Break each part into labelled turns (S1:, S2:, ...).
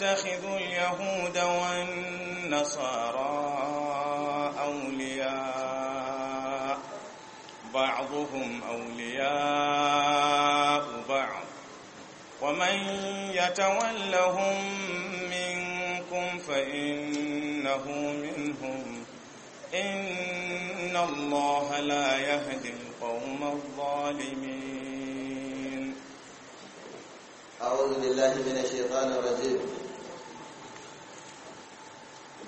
S1: تتخذوا اليهود والنصارى أولياء بعضهم أولياء بعض ومن يتولهم منكم فإنه منهم إن الله لا يهدي القوم الظالمين
S2: أعوذ بالله من الشيطان الرجيم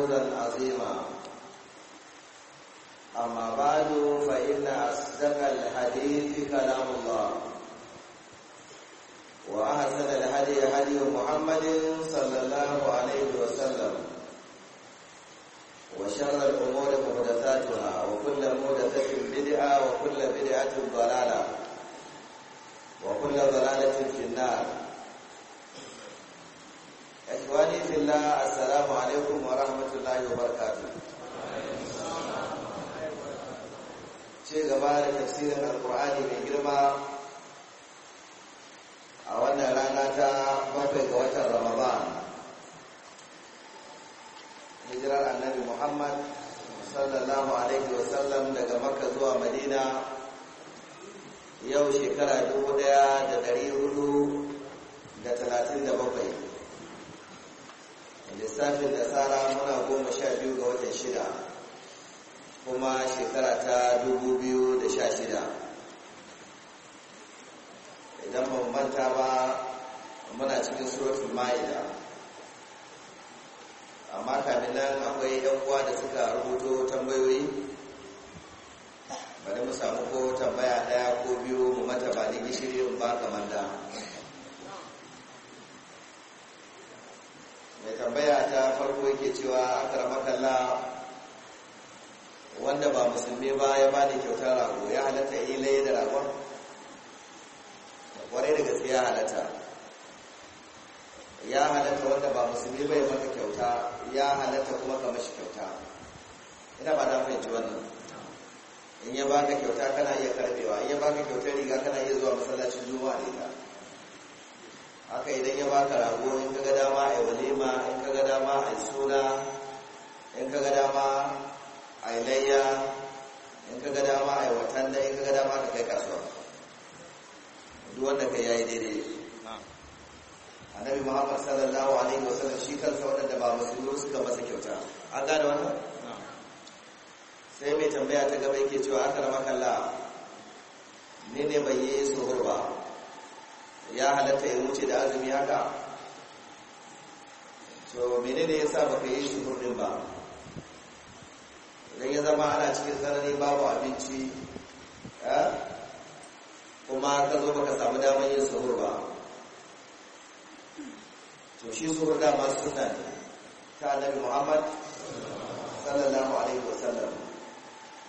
S2: فوزا عظيما أما بعد فإن أصدق الحديث كلام الله وأحسن الهدي هدي محمد صلى الله عليه وسلم وشر الأمور محدثاتها وكل محدثة بدعة وكل بدعة ضلالة وكل ضلالة في النار ikwani fillah assalamu alaikum wa rahmatullahi wa barakatuh ce gaba da tafsirin alkur'ani mai girma a wannan rana ta bakwai ga watan ramadan hijirar annabi muhammad sallallahu alaihi wa sallam daga makka zuwa madina yau shekara dubu daya da ɗari dari hudu talatin da bakwai. lissafin tsara muna goma sha biyu ga watan shida kuma shekara ta dubu biyu da sha shida idan ban ba muna cikin suratul ma'ida amma kamin nan akwai yan uwa da suka rubuto tambayoyi bari mu samu ko tambaya daya ko biyu mu mata ba gishiri ba kamar da da tambaya ta farko yake cewa akarmakalla wanda ba musulmi ba ya ba da kyautar rago ya halatta ilai da ragon kwarai da gaske ya halatta ya halatta wanda ba musulmi ba ya maka kyauta ya halatta kuma ka mashi kyauta ina ba na fahimci wannan in ya baka kyauta kana iya karbewa in ya baka kyautar riga kana iya zuwa masallacin zuwa da ita haka idan ya baka rago in ka ga dama a walima in ka ga dama a suna in ka ga dama a layya in ka ga dama a watan da in ka ga dama ka kai kasuwa duk wanda ka yayi daidai annabi muhammad sallallahu alaihi sallam shi kansa wadanda ba musulmi suka masa kyauta an gane wannan sai mai tambaya ta gaba yake cewa aka rama kalla ne ne bai yi suhur ba ya halatta ya wuce da azumi haka to menene ya sa baka yi shuhurin ba idan ya zama ana cikin tsanani babu abinci kuma ka zo baka samu damar yin suhur ba to shi sahur dama suna ne ta annabi muhammad sallallahu alaihi wasallam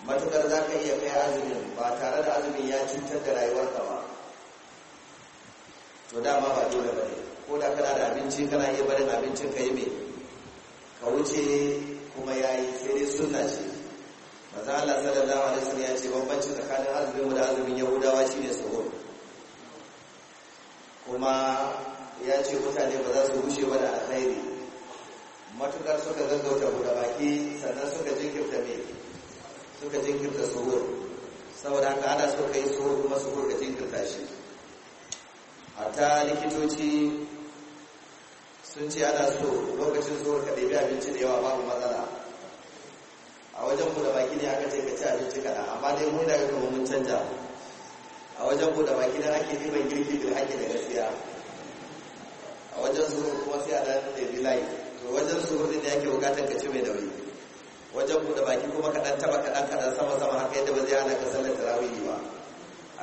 S2: matukar za ka iya kai azumin ba tare da azumin ya cutar da rayuwarka ba to dama ba dole ba ne ko da kana da abinci kana iya barin abincin ka yi mai ka wuce kuma ya yi sai dai sunna ce maza Allah sallallahu alaihi wasallam ya ce bambanci tsakanin azumin mu da azumin yahudawa shine sahur kuma ya ce mutane ba za su rushe ba da alkhairi matukar suka gaggauta guda baki sannan suka jinkirta mai suka jinkirta sahur saboda haka ana so ka yi sahur kuma sahur ka jinkirta shi hatta likitoci sun ce ana so lokacin zuwa ka ɗabi abinci da yawa babu matsala a wajen da baki ne aka ce ka ci abinci kaɗan amma dai mun da kuma mun canja a wajen da baki ne ake neman girki da ake da gaskiya a wajen su kuma sai a ɗan bi layi to wajen tsohon ne ake bukatar ka ci mai dauri wajen da baki kuma kaɗan taɓa kaɗan kaɗan sama sama haka yadda ba zai hana ka sallar tarawihi ba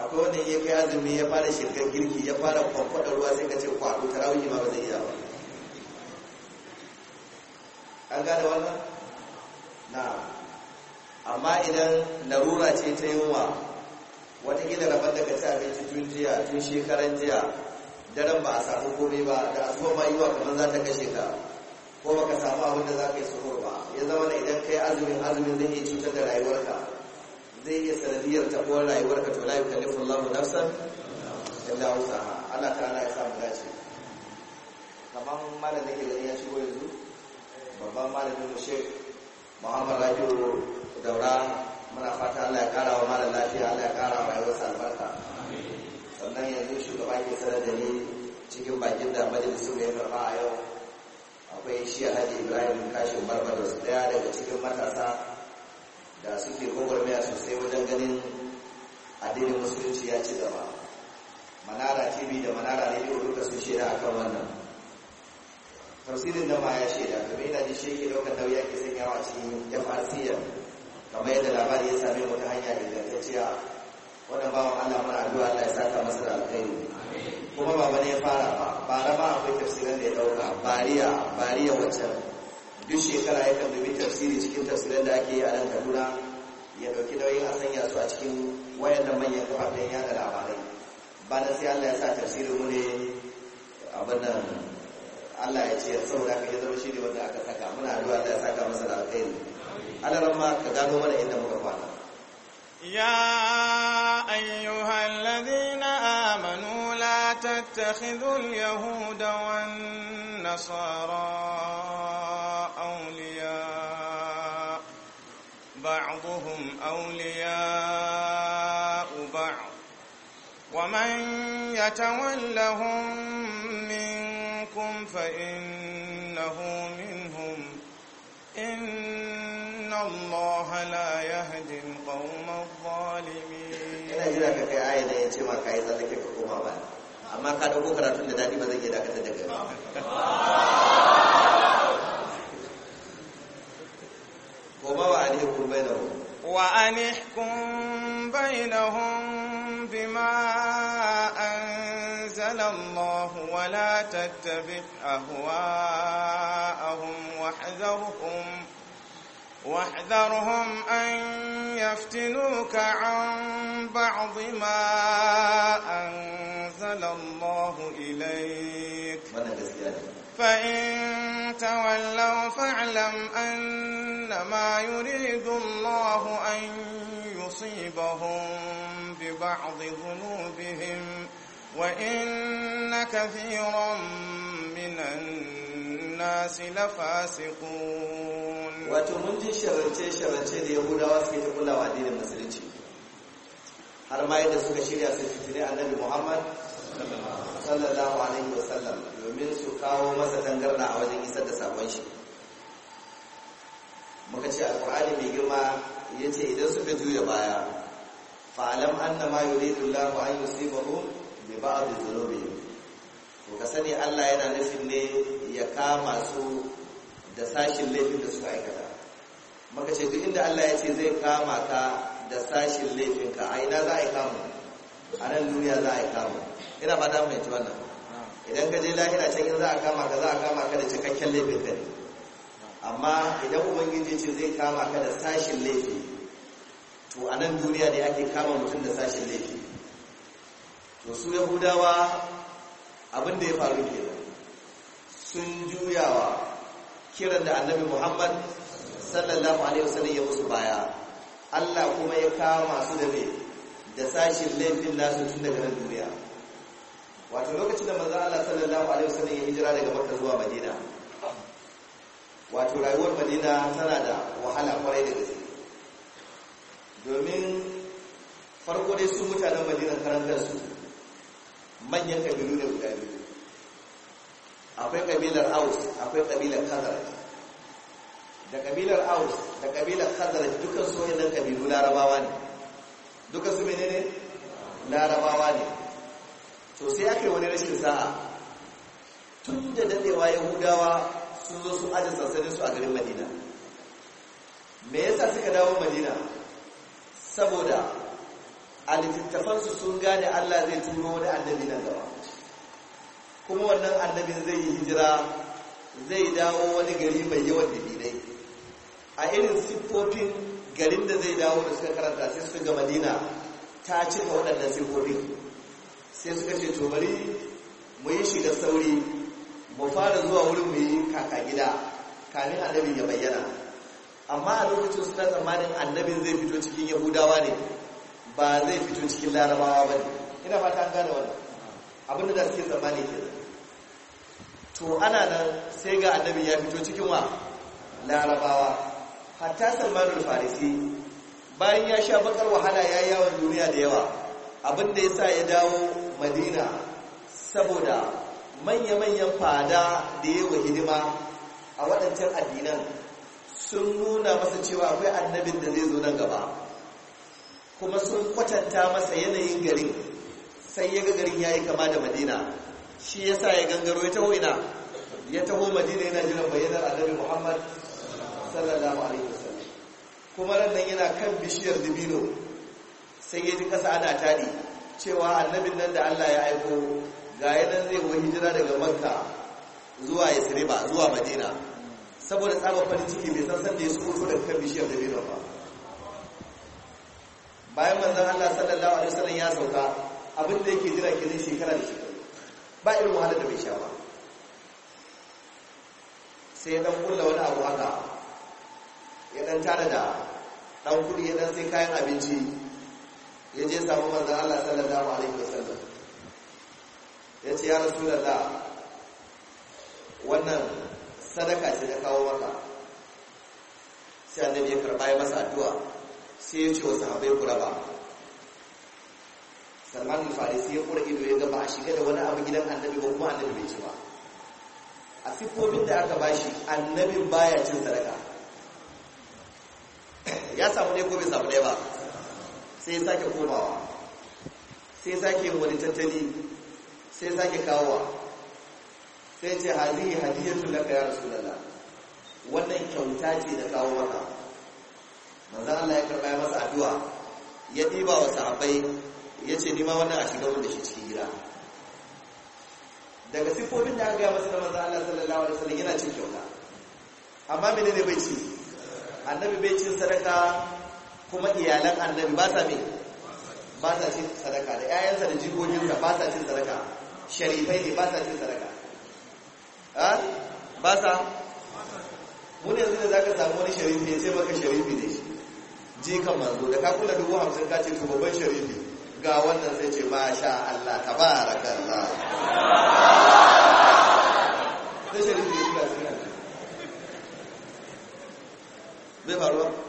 S2: akwai wanda ya kai azumi ya fara shirkan girki ya fara kwakwada ruwa sai ka ce kwado tarawihi ma ba zai iya ba an gane wannan na amma idan larura ce ta yunwa gina rabar daga ci abinci tun jiya tun shekaran jiya daren ba a samu komai ba da asuwa ma yiwa kamar za ta kashe ka ko ka samu abin da za ka yi suhur ba ya zama idan kai azumin azumin zai iya cutar da rayuwarka zai iya sanadiyar taɓuwar rayuwar ka to la yukallifu Allahu nafsan illa wusaha Allah ta'ala ya samu dace kamar malam da ke gani ya shigo yanzu babban malamin mu Sheikh Muhammad Rabiu Daura muna fata Allah ya kara wa malam lafiya Allah ya kara wa rayuwarsa albarka sannan yanzu shugaba ke sanar da ni cikin bakin da majalisun ya karɓa a yau akwai shi Alhaji Ibrahim Kashin Barbados daya daga cikin matasa da suke gwagwarmaya sosai wajen ganin addinin musulunci ya ci gaba manara tv da manara radio duka sun shaida a kan wannan tafsirin da ma ya shaida kamar yana ji shi ke daukar nauyi ake sanyawa a cikin frcm kamar yadda labari ya same wata hanya ingantacciya ba wa allah mara addu'a allah ya saka masa da alkhairi kuma ba wani ya fara ba ba ba akwai tafsirin da ya ɗauka bariya bariya wancan duk shekara ya kan dubi tafsiri cikin tafsirin da ake yi a nan kaduna ya dauki nauyin a sanya su a cikin wayan da manyan kafafen yada labarai ba na sai allah ya sa tafsirin mu ne abin nan allah ya ce saboda ka ya zama shi ne wanda aka saka muna addu'a allah ya saka masa da alkhairi alaran ma ka gano mana inda muka kwana
S1: ya ayyuhal ladhi تتخذوا اليهود والنصارى أولياء بعضهم أولياء بعض ومن يتولهم منكم فإنه منهم إن الله لا يهدي القوم الظالمين.
S2: Ina jira فِي kai aya da ya ce amma ka dauko karatun da dadi ba zai iya dakatar da kai ko ba wa alaikum bainahum
S1: wa anihkum bainahum bima anzala Allah wa la tattabi' ahwa'ahum wahdharhum واحذرهم أن يفتنوك عن بعض ما أنزل أرسل الله إليك فإن تولوا فاعلم أنما يريد الله أن يصيبهم ببعض ذنوبهم وإن كثيرا من الناس لفاسقون
S2: وتمنجي شرنتي شرنتي اليهود واسكت كل وعدين المسلمين har ma yadda suka shirya su fitine annabi Muhammad sallallahu alaihi wasallam domin su kawo masa tangarda a wajen isar da sakon shi muka ce alqur'ani mai girma yace idan suka juya baya fa'alam anna ma yuridu Allahu an yusibahum bi ba'd dhunubihim to ka sani Allah yana nufin ne ya kama su da sashin laifin da suka aikata Muka ce duk inda Allah ya ce zai kama ka da sashin laifin ka a ina za a yi kamu a nan duniya za a yi kamu ina ba damu mai wannan idan ka je lahira can yin za a kama ka za a kama ka da cikakken laifin ka ne amma idan ubangiji ce zai kama ka da sashin laifi to a nan duniya ne ake kama mutum da sashin laifi to su yahudawa abin da ya faru ke sun juyawa kiran da annabi muhammad sallallahu alaihi wasallam ya musu baya allah kuma ya kama su da mai da sashin laifin nasu tun daga nan duniya wato lokacin da manzo Allah sallallahu alaihi wasallam ya hijira daga Makka zuwa Madina wato rayuwar Madina tana da wahala kwarai da gaske domin farko dai su mutanen Madina karantar su manyan kabilu ne guda biyu akwai kabilar Aus akwai kabilar Khazraj da kabilar Aus da kabilar Khazraj dukkan su wayannan kabilu Larabawa ne dukkan su menene Larabawa ne to sai aka wani rashin sa'a tun da dadewa yahudawa sun zo sun ajin sansanin su a garin madina me yasa suka dawo madina saboda a littattafansu sun gane allah zai turo wani annabi na gaba kuma wannan annabin zai yi hijira zai dawo wani gari mai yawan dalilai a irin siffofin garin da zai dawo da suka karanta sai suka ga madina ta cika waɗannan siffofin sai suka ce to bari mu yi shiga sauri mu fara zuwa wurin mu yi kaka gida kamin annabin ya bayyana amma a lokacin suna tsammanin annabin zai fito cikin yahudawa ne ba zai fito cikin larabawa ba ne ina fata an gane wani abinda da suke tsammani ke to ana nan sai ga annabin ya fito cikin wa larabawa hatta tsammanin farisi bayan ya sha bakar wahala ya yi yawon duniya da yawa abinda ya sa ya dawo madina saboda manya-manyan fada da yawa hidima a waɗancan addinan sun nuna masa cewa akwai annabin da zai zo nan gaba kuma sun kwatanta masa yanayin garin sai ya ga garin ya yi kama da madina shi ya sa ya gangaro ya taho ina ya taho madina yana jiran bayyanar annabi muhammad sallallahu alaihi wasallam kuma ran nan yana kan bishiyar dibino sai ya ji kasa ana taɗi, cewa annabin nan da Allah ya aiko ga nan zai wani hijira daga makka zuwa yasriba zuwa madina saboda tsaba farin ciki mai san sanda ya su daga kan bishiyar da bai ba bayan manzan Allah sallallahu alaihi wasallam ya sauka abin da yake jira kenan shekara da shekara ba irin wahala da bai sha ba sai ya dan kulla wani abu haka ya dan tare da dan kudi ya dan sai kayan abinci ya je samu manzan Allah sallallahu alaihi wasallam ya ce ya rasu da wannan sadaka ce da kawo maka sai annabi ya karɓa ya masa addu'a sai ya ce wasu sahabai ku raba salman al sai ya kura ido ya gaba a shiga da wani abu gidan annabi ba kuma annabi bai ci ba a siffofin da aka bashi annabin baya cin sadaka ya samu ne ko bai samu ne ba sai ya sake komawa sai ya sake wani tattali sai ya sake kawowa sai ce hadihi hadiyatu laka ya lalla wannan kyauta ce da kawo mata Maza Allah ya karba masa addu'a ya diba wa sahabbai ya ni ma wannan a shiga wanda shi cikin gida daga sifofin da aka gaya masa da Maza Allah sallallahu alaihi wasallam yana cin kyauta amma menene bai ci annabi bai cin sadaka kuma iyalan annabi ba sa me ba sa cin sadaka da ƴaƴansa da jikokinsa ba sa cin sadaka sharifai ne ba sa cin sadaka ha ba sa mun yanzu da zaka samu wani sharifi ya ce maka sharifi ne shi kan manzo da ka kula dubu hamsin ka ce to babban sharifi ga wannan sai ce ma sha Allah tabarakallah sai sharifi ya shiga cikin bai faruwa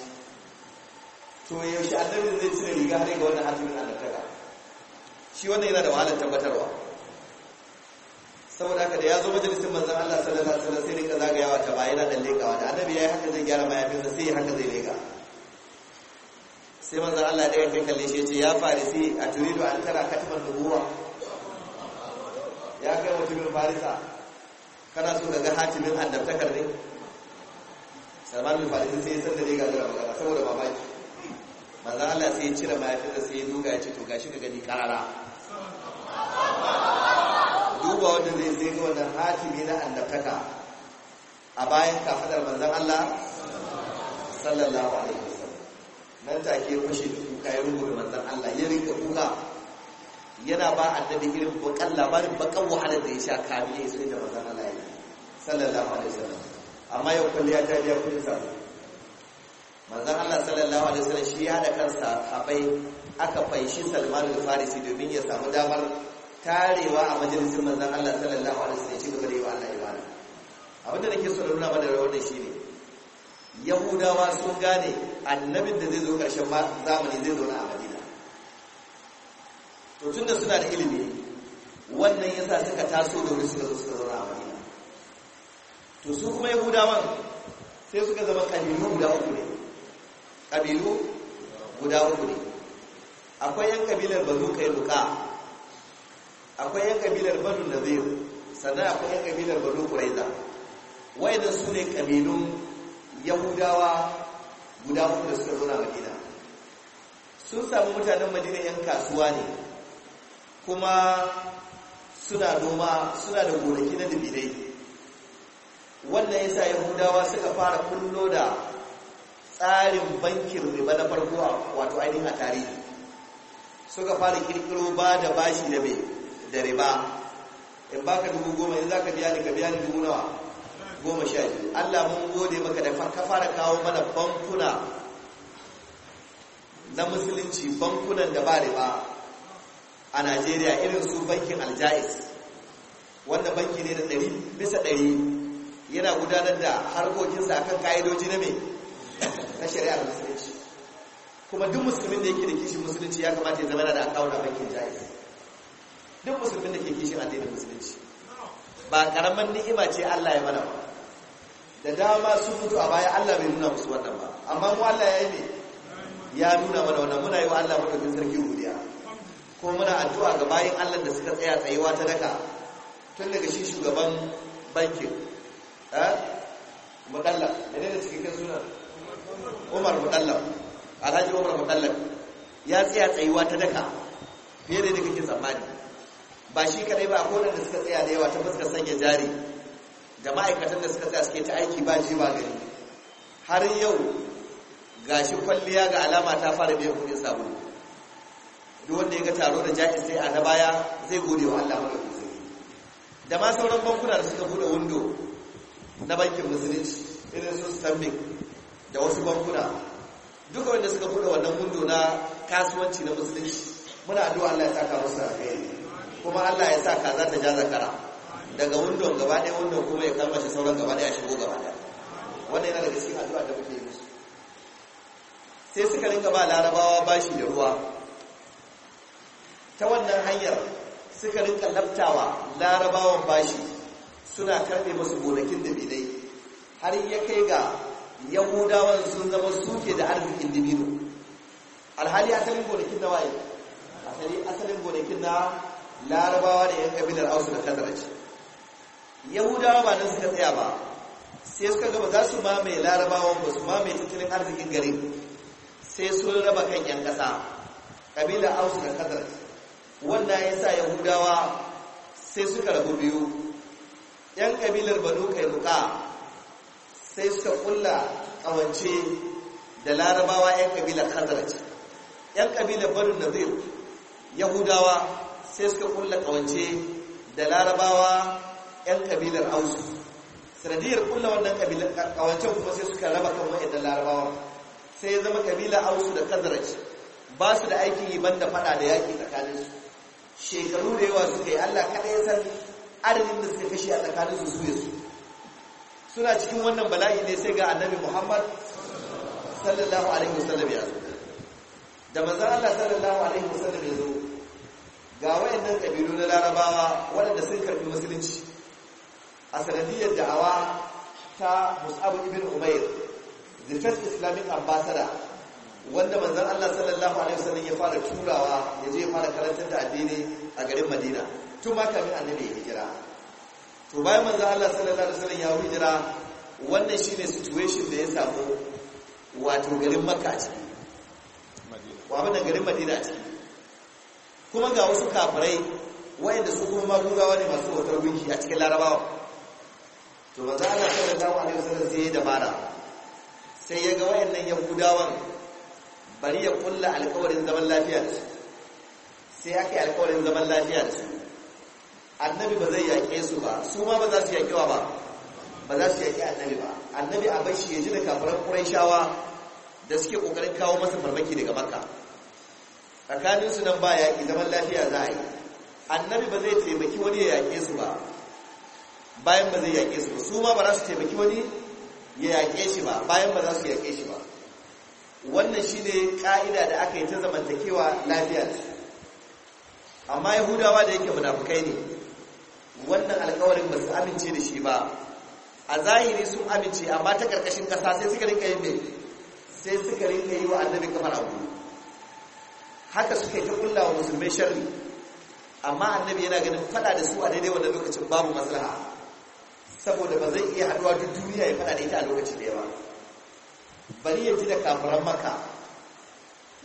S2: to yaushe annabi zai cire riga har ga wannan ta annabtaka shi wannan yana da wahalar tabbatarwa saboda haka da ya zo majalisin manzon Allah sallallahu alaihi wasallam sai rinka zagayawa ta ba na dan lekawa da annabi yayi haka zai gyara mayafinsa sai ya haka zai leka sai manzon Allah da ya kalle shi ya ce ya farisi a turidu an tara katman nubuwa ya kai mutumin farisa kana so ga hatimin annabtakar ne salman bin farisi sai ya san da ne ga magana saboda mamaki manzo Allah sai ya cire mayafinsa sai ya duga ya ce to gashi ka gani karara
S3: duba wanda zai
S2: zai ga wannan hatimi na annabtaka a bayan kafadar manzon Allah sallallahu alaihi wasallam nan take fushi da kuka ya rubuta manzon Allah ya rinka kuka yana ba annabi irin bakan labarin bakan wahala da ya sha kamin ya sai da manzon Allah sallallahu alaihi wasallam amma yau kulliya ta biya kudin sa manzon Allah sallallahu alaihi wasallam shi ya da kansa bai aka fanshi Salman al-Farisi domin ya samu damar tarewa a majalisin manzon Allah sallallahu alaihi wasallam shi gaba da yi wa Allah ibada abinda nake so nuna mana da shi ne Yahudawa sun gane annabin da zai zo karshen zamani zai zo na a Madina to tunda suna da ilimi wannan yasa suka taso domin suka zo suka zauna a Madina to su kuma Yahudawan sai suka zama kalimun guda uku ne ƙabilu guda uku ne akwai yan ƙabilar bazu kai luka akwai yan ƙabilar banu zai sannan akwai yan ƙabilar banu Wai da su ne ƙabilun yahudawa guda uku da suka zauna madina sun samu mutanen madina yan kasuwa ne kuma suna noma suna da gonaki na dubidai wannan yasa yahudawa suka fara kullo da tsarin bankin riba na farko wato ainihin a tarihi suka fara kirkiro ba da bashi da mai da riba in baka dubu goma in za ka biya ni ka biya ni dubu nawa goma sha biyu allah mun gode maka da ka fara kawo mana bankuna na musulunci bankunan da ba riba a najeriya irin su bankin aljais wanda banki ne da ɗari bisa ɗari yana gudanar da harkokinsa kan ka'idoji na mai na da musulunci kuma duk musulmin da yake da kishin musulunci ya kamata ya zama da akawun a bankin duk musulmin da ke kishin addinin musulunci ba karamin ni'ima ce Allah ya mana ba da dama sun mutu a baya Allah bai nuna musu wannan ba amma mu Allah ya yi ne ya nuna mana wannan muna yi wa Allah mutumin sarki hudiya kuma muna addu'a ga bayan Allah da suka tsaya tsayuwa ta daka tun daga shi shugaban bankin eh mudalla ne da cikin sunan umar alhaji umar mudallab ya tsaya tsayuwa ta daka fiye da yadda kake tsammani ba shi kadai ba ko da suka tsaya da yawa ta fuskar sanya jari da ma'aikatan da suka tsaya suke ta aiki ba ji ba gari har yau gashi kwalliya ga alama ta fara biyan kudin sabulu duk wanda ya ga taro da jaiz sai a na baya zai gode wa Allah mai da ma sauran bankuna da suka bude wundo na bankin musulunci irin su stanbic da wasu bankuna duk wanda suka buɗe wannan mundo na kasuwanci na musulunci muna addu'a Allah ya saka musu alheri kuma Allah ya sa za ta ja zakara daga wundon gaba ɗaya wundon kuma ya kalmashi sauran gaba ɗaya shigo gaba ɗaya wannan yana daga cikin addu'a da muke yi musu sai suka rinka ba larabawa bashi da ruwa ta wannan hanyar suka rinka laftawa larabawan bashi suna karɓe musu gonakin da bidai har ya kai ga Yahudawa sun zama suke da arzikin dibino alhali asalin gonakin na waye asalin gonakin na larabawa da yan kabilar ausu da kazara yahudawa ba nan suka tsaya ba sai suka gaba za su mai larabawan ba su mamaye tattalin arzikin gari sai sun raba kan yan kasa kabilar ausu da kazara wannan ya sa yahudawa sai suka rabu biyu yan kabilar banu kai buka sai suka kulla wance da larabawa 'yan kabilar khazraj 'yan kabilar na nazir yahudawa sai suka kulla wance da larabawa 'yan kabilar ausu sanadiyar kulla wannan kabilar wance kuma sai suka raba kan wa'annan larabawa sai ya zama kabila ausu da khazraj ba su da aikin yi banda fada da yaki tsakaninsu shekaru da yawa suka yi Allah kaɗai san adadin da suka kashe a tsakaninsu su ya su suna cikin wannan bala'i ne sai ga annabi muhammad sallallahu alaihi wasallam ya zo da manzon Allah sallallahu alaihi wasallam ya zo ga wayannan kabilu na larabawa waɗanda sun karbi musulunci a sanadiyar da'awa ta mus'ab ibn umair the first islamic ambassador wanda manzon Allah sallallahu alaihi wasallam ya fara turawa yaje ya fara karantar da addini a garin Madina tun ma kamin annabi ya hijira to bayan manzo Allah sallallahu alaihi wasallam ya hijira wannan shine situation da ya samu wato garin Makka ce wa abin garin Madina ce kuma ga wasu kafirai wayanda su kuma magugawa ne masu wata gunki a cikin Larabawa to manzo Allah sallallahu alaihi wasallam sai ya dabara sai ya ga wayannan yahudawan bari ya kulla alƙawarin zaman lafiya da su sai aka yi alƙawarin zaman lafiya da su annabi ba zai yaƙe su ba su ma ba za su wa ba ba za su yaƙe annabi ba annabi a bashi ya ji da kafaran shawa da suke ƙoƙarin kawo masa farmaki daga maka tsakanin su nan ba yaƙi zaman lafiya za a yi annabi ba zai taimaki wani ya yaƙe su ba bayan ba zai yaƙe su ba su ma ba za su taimaki wani ya yaƙe shi ba bayan ba za su yaƙe shi ba wannan shine ƙa'ida da aka yi ta zamantakewa lafiya amma yahudawa da yake munafukai ne wannan alkawarin ba su amince da shi ba a zahiri sun amince amma ta karkashin kasa sai suka rinka yin mai sai suka rinka yi wa annabi kamar abu haka suka yi ta kulla wa musulmai sharri amma annabi yana ganin fada da su a daidai wannan lokacin babu maslaha saboda ba zai iya haduwa duk duniya ya fada da ita a lokacin da yawa bari ya ji da kafuran maka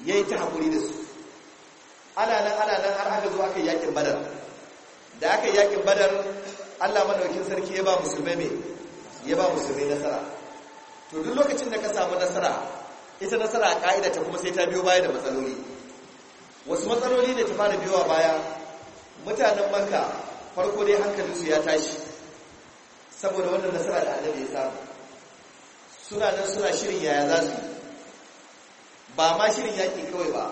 S2: ya yi ta haƙuri da su ana nan ana nan har aka zo aka yakin badar da aka yi yakin badar Allah maɗaukin sarki ya ba musulmai ne, ya ba musulmai nasara to duk lokacin da ka samu nasara ita nasara a ka'ida ta kuma sai ta biyo baya da matsaloli wasu matsaloli ne ta fara biyowa baya mutanen maka farko dai hankalinsu ya tashi saboda wannan nasara da annabi ya samu suna nan suna shirin yaya za su ba ma shirin yaƙi kawai ba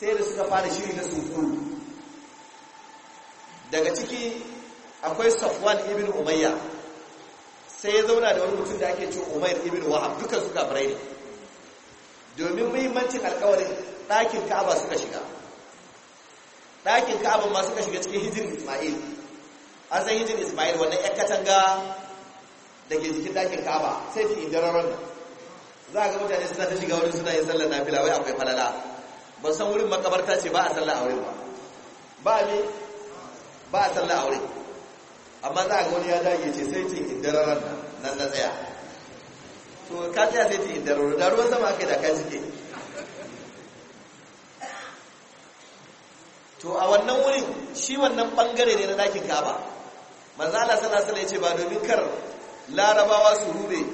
S2: sai da suka fara shiri na sunkuru daga ciki akwai safwan ibn umayya sai ya zauna da wani mutum da ake ce umayyar ibn wahab duka su kafirai ne domin muhimmancin alkawarin ɗakin ka'aba suka shiga ɗakin ka'aba ma suka shiga cikin hijin ismail an san hijin ismail wanda ya katanga da ke jikin ɗakin ka'aba sai fi indararon da za a ga mutane suna ta shiga wurin suna yin sallar na filawai akwai falala ban san wurin makabarta ce ba a sallar a wurin ba ba ne ba a sallah a wurin amma za a ga wani ya dage ce sai cin indararar nan na tsaya to ka tsaya sai cin indararar da ruwan sama aka da kan suke to a wannan wurin shi wannan bangare ne na dakin kaba manzo Allah sallallahu alaihi ce ba domin kar larabawa su rube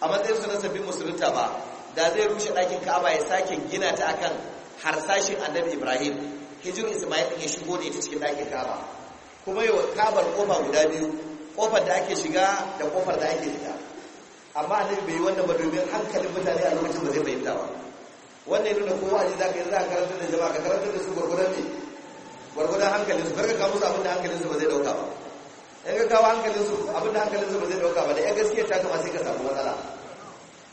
S2: a matsayin su na sabbin musulunta ba da zai rushe dakin kaba ya sake gina ta akan harsashin annabi Ibrahim hijirin Isma'il ya shigo ne ta cikin dakin kaba kuma yi wa kabar kofa guda biyu kofar da ake shiga da kofar da ake fita amma annabi bai yi wannan ba domin hankalin mutane a lokacin ba zai fahimta ba wannan yana ko za zaka yi zaka karanta da jama'a ka karanta da su gurgurdan ne gurgurdan hankalin su karka kawo musu abinda hankalin su ba zai dauka ba in ka kawo hankalin su abinda hankalin su ba zai dauka ba da ya gaskiya ta kama sai ka samu matsala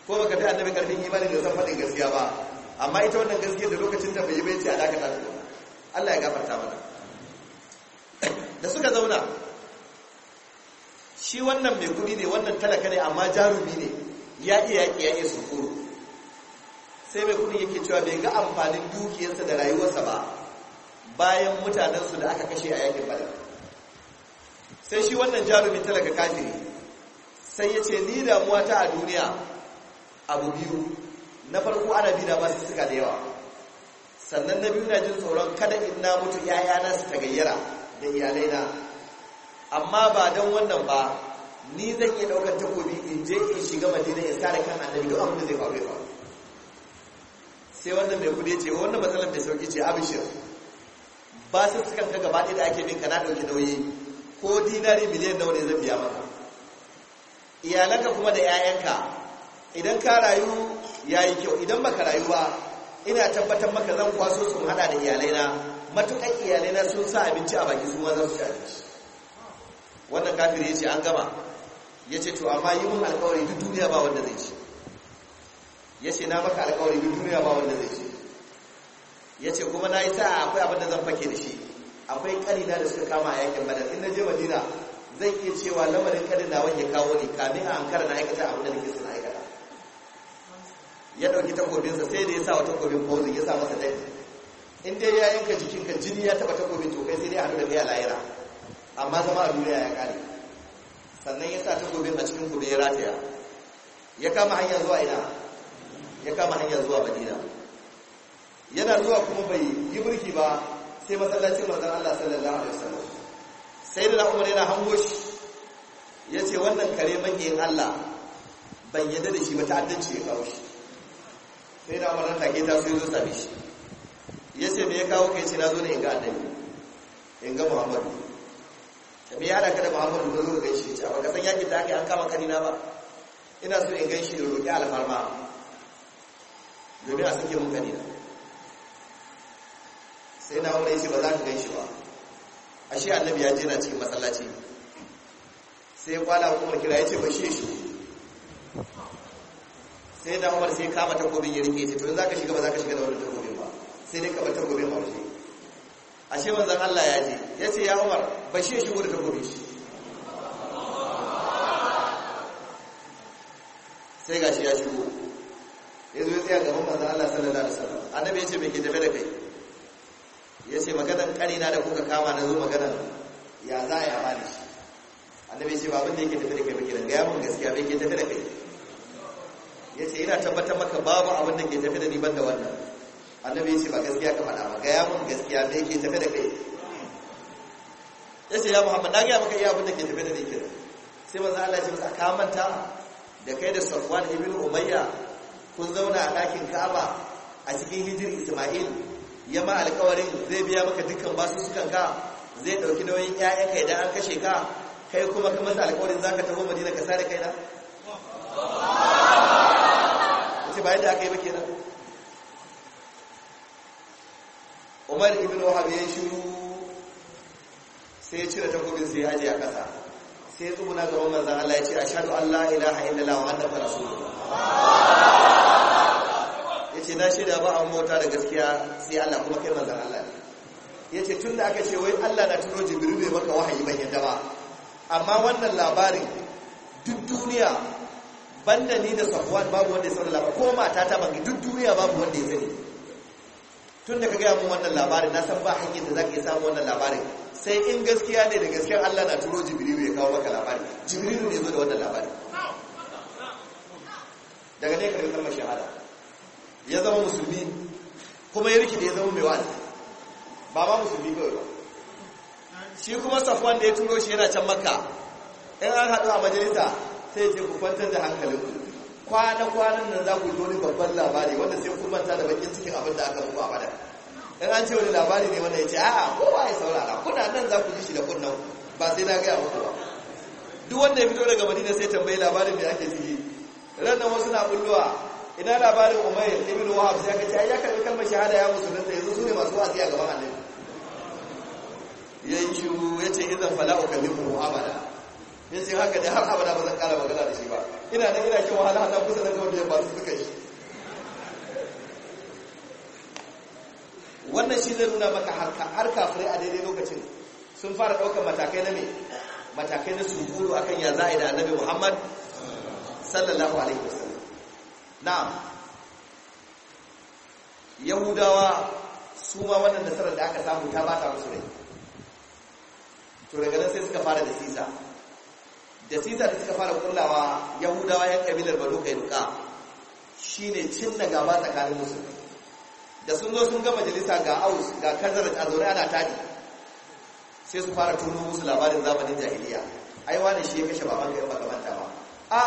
S2: ko baka fi annabi karfin imani da san faɗin gaskiya ba amma ita wannan gaskiya da lokacin ta bai yi bai ce a dakata Allah ya gafarta mana da suka zauna shi wannan mai kudi ne wannan talaka ne amma jarumi ne ya iya yaƙi ya iya sukuru sai mai kudi yake cewa bai ga amfanin dukiyarsa da rayuwarsa ba bayan mutanensu da aka kashe a yakin badar sai shi wannan jarumi talaka kafiri sai ya ce ni damuwa ta a duniya abu biyu na farko ana bi da su suka da yawa sannan na biyu na jin tsoron kada in na mutu 'ya'yana su gayyara. da iyalaina amma ba don wannan ba ni zan iya ɗaukar takobi in je in shiga madina in sare kan annabi duk abin da zai faru ya sai wannan mai kudi ce wannan matsalar da sauki ce abishir ba su suka gaba da ake bin kana ɗauki nauyi ko dinari miliyan nawa ne zan biya maka iyalanka kuma da 'ya'yanka idan ka rayu ya yi kyau idan baka rayu ba ina tabbatar maka zan kwaso sun hada da iyalaina matukan iyalai na sun sa abinci a baki su ma za su abinci wannan kafir ya ce an gama ya ce to amma yi mun alkawari duk duniya ba wanda zai ci ya ce na maka alkawari duk duniya ba wanda zai ci ya ce kuma na yi sa akwai abin da zan fake da shi akwai ƙarina da suka kama a yakin badar in na je madina zai iya cewa lamarin ƙarin na wanda kawo ne kamin a ankara na aikata abin da nake suna aikata ya ɗauki takobinsa sai da ya sa wa takobin kozin ya sa masa daidai in dai ya yanka jikinka jini ya taba takobin to kai sai dai a da kai a amma zama a duniya ya kare sannan ya sa takobin a cikin kube ya rataya ya kama hanyar zuwa ina ya kama hanyar zuwa madina yana zuwa kuma bai yi mulki ba sai masallacin manzon Allah sallallahu alaihi wasallam sai da Umar yana hango shi yace wannan kare manyan Allah ban yadda da shi ba ta'addanci ya kawo shi sai da Umar ta ke ta sai zo sabe shi ya ce me ya kawo kai ce na zo ne in ga annabi in ga muhammadu ta me ya haɗa ka muhammadu da zo gaishe ce a kasan yakin da aka yi an kama kanina ba ina so in gaishe da roƙi alfarma domin a suke mun kanina sai na wani ce ba za ka gaishe ba ashe annabi ya je na cikin masallaci sai kwana kuma kira ya ce ba shi shi sai na umar sai kama takobin ya rike ce to za ka shiga ba za ka shiga da wani takobin sai dai ka bata gobe a ashe wanzan Allah ya ce. ya ce ya Umar bashe shi wurin gobe shi sai shi ya shigo ya zo ya tsaya gaban wanzan Allah sallallahu alaihi wasallam annabi ya ce me ke tafe da kai ya ce maganan kanina da kuka kama na zo maganan ya za a yi amani shi annabi ce babin da yake tafi da kai ba kiran gaya mun gaskiya bai ke tafi da kai ya ce ina tabbatar maka babu abin da ke tafi da ni ban da wannan annabi ce ba gaskiya ka faɗa ba ga ya mun gaskiya me yake tafe da kai yace ya muhammad na ga maka iya abin da ke tafe da kai sai manzo Allah ya ce ka manta da kai da Safwan ibn Umayya kun zauna a ɗakin Ka'aba a cikin hijir Isma'il ya ma alƙawarin zai biya maka dukkan sukan ka zai dauki nauyin kai idan an kashe ka kai kuma ka masa alƙawarin zaka taho Madina ka sare kaina ce bayan da aka yi ba kenan umar ibn wahab ya shiru sai ya cire takobin sai ya a kasa sai ya tsubuna umar zan Allah ya ce ashhadu an la ilaha illallah wa anna rasulullah yace na shida ba an mota da gaskiya sai Allah kuma kai manzon Allah yace tunda aka ce wai Allah na turo jibril ne maka wahayi ban yadda ba amma wannan labarin duk duniya banda ni da safwan babu wanda ya sanar labarin ko mata ta bangi duk duniya babu wanda ya sani tun da ka gaya mun wannan labarin na san ba hanyar da za ka samu wannan labarin sai in gaskiya ne da gaskiyar Allah na turo jibrilu ya kawo maka labari jibrilu ne zo da wannan labari daga ne karfi kalmar shahada ya zama musulmi kuma ya rikide ya zama mai wani ba ma musulmi kawai ba shi kuma safwan da ya turo shi yana can makka in an haɗu a majalisa sai ce ku kwantar da ku kwana-kwanan nan za ku yi wani babban labari wanda sai kun manta da bakin cikin abin da aka muku a bada in an ce wani labari ne wanda ya ce a'a kowa ya saurara kuna nan za ku ji shi da kunnan ba sai na gaya muku ba duk wanda ya fito daga madina sai tambayi labarin da ake ciki ranar wasu na bullowa ina labarin umair ibn wahab sai aka ce ai ya karbi kalmar shahada ya ta yanzu su ne masu wasu a gaban annabi ya yi ya ce idan fala'u mu abada in sai haka dai har abada ba zan kara magana da shi ba ina da ina kin wahala na kusa da kawai da ba su suka shi. wannan shi zai nuna maka harka har kafure a daidai lokacin sun fara ɗaukar matakai na me matakai na sukuru akan ya za'a da annabi Muhammad sallallahu alaihi wasallam na'am yahudawa su ma wannan nasarar da aka samu ta bata musu rai to daga nan sai suka fara da sisa da sisa da suka fara kullawa yahudawa yan kabilar baluka shi ne cin na gaba tsakanin musu. da sun zo sun ga majalisa ga aus ga kazar a zaune ana tadi sai su fara tuno musu labarin zamanin jahiliya ai wani shi ya kashe baban ka in baka manta ba a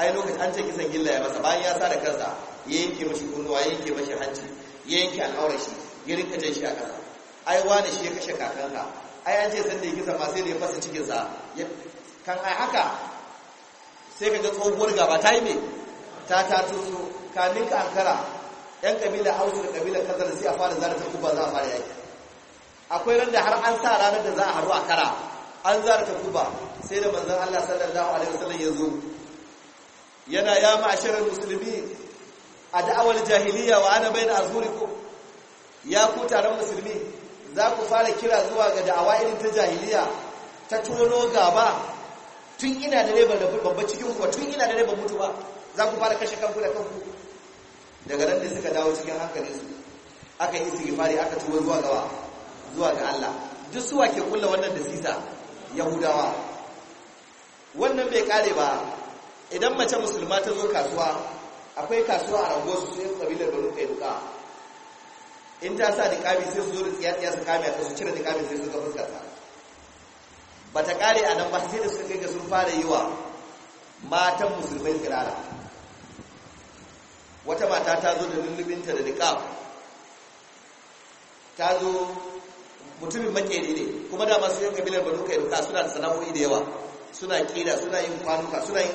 S2: ai lokacin an ce kisan gilla ya masa bayan ya sa da kansa ya yanke mashi kunnuwa ya yanke mashi hanci ya yanke al'aurashi, shi ya rinka jan shi a kasa ai wani shi ya kashe kakanka ai an ce sanda ya kisa ma sai da ya fasa cikinsa kan ai haka sai ka ga tsohuwar gaba ta yi me ta ta ka kamin ka ankara yan kabila hausa da kabila kazar sai a fara zara ta kuba za a fara yaki akwai ran da har an sa ranar da za a haru a kara an zara ta kuba sai da manzon Allah sallallahu alaihi wasallam ya zo yana ya ma'asharar musulmi a da'awar jahiliya wa ana bayan azurikum ya ku taron musulmi za ku fara kira zuwa ga da'awa irin ta jahiliya ta tono gaba tun ina da rebar ban babba cikin kuwa tun ina da rebar mutu ba za ku fara kashe kanku da kanku daga nan da suka dawo cikin hankalin su aka yi istighfari aka tuba zuwa gawa zuwa ga Allah duk suwa ke kulla wannan da sisa yahudawa wannan bai kare ba idan mace musulma ta zo kasuwa akwai kasuwa a rango su sai kabilar banu duka in ta sa niqabi sai su zo da tsiyatsiya su kame ta su cire niqabin sai su ga fuskar ba ta kare a nan ba sai da suka sun fara yi wa matan musulmai tsirara wata mata ta zo da lullubinta da dika ta zo mutumin makeri ne kuma dama masu yin kabilar banuka iruka suna da sana'o'i da yawa suna
S3: kira suna yin kwanuka suna yin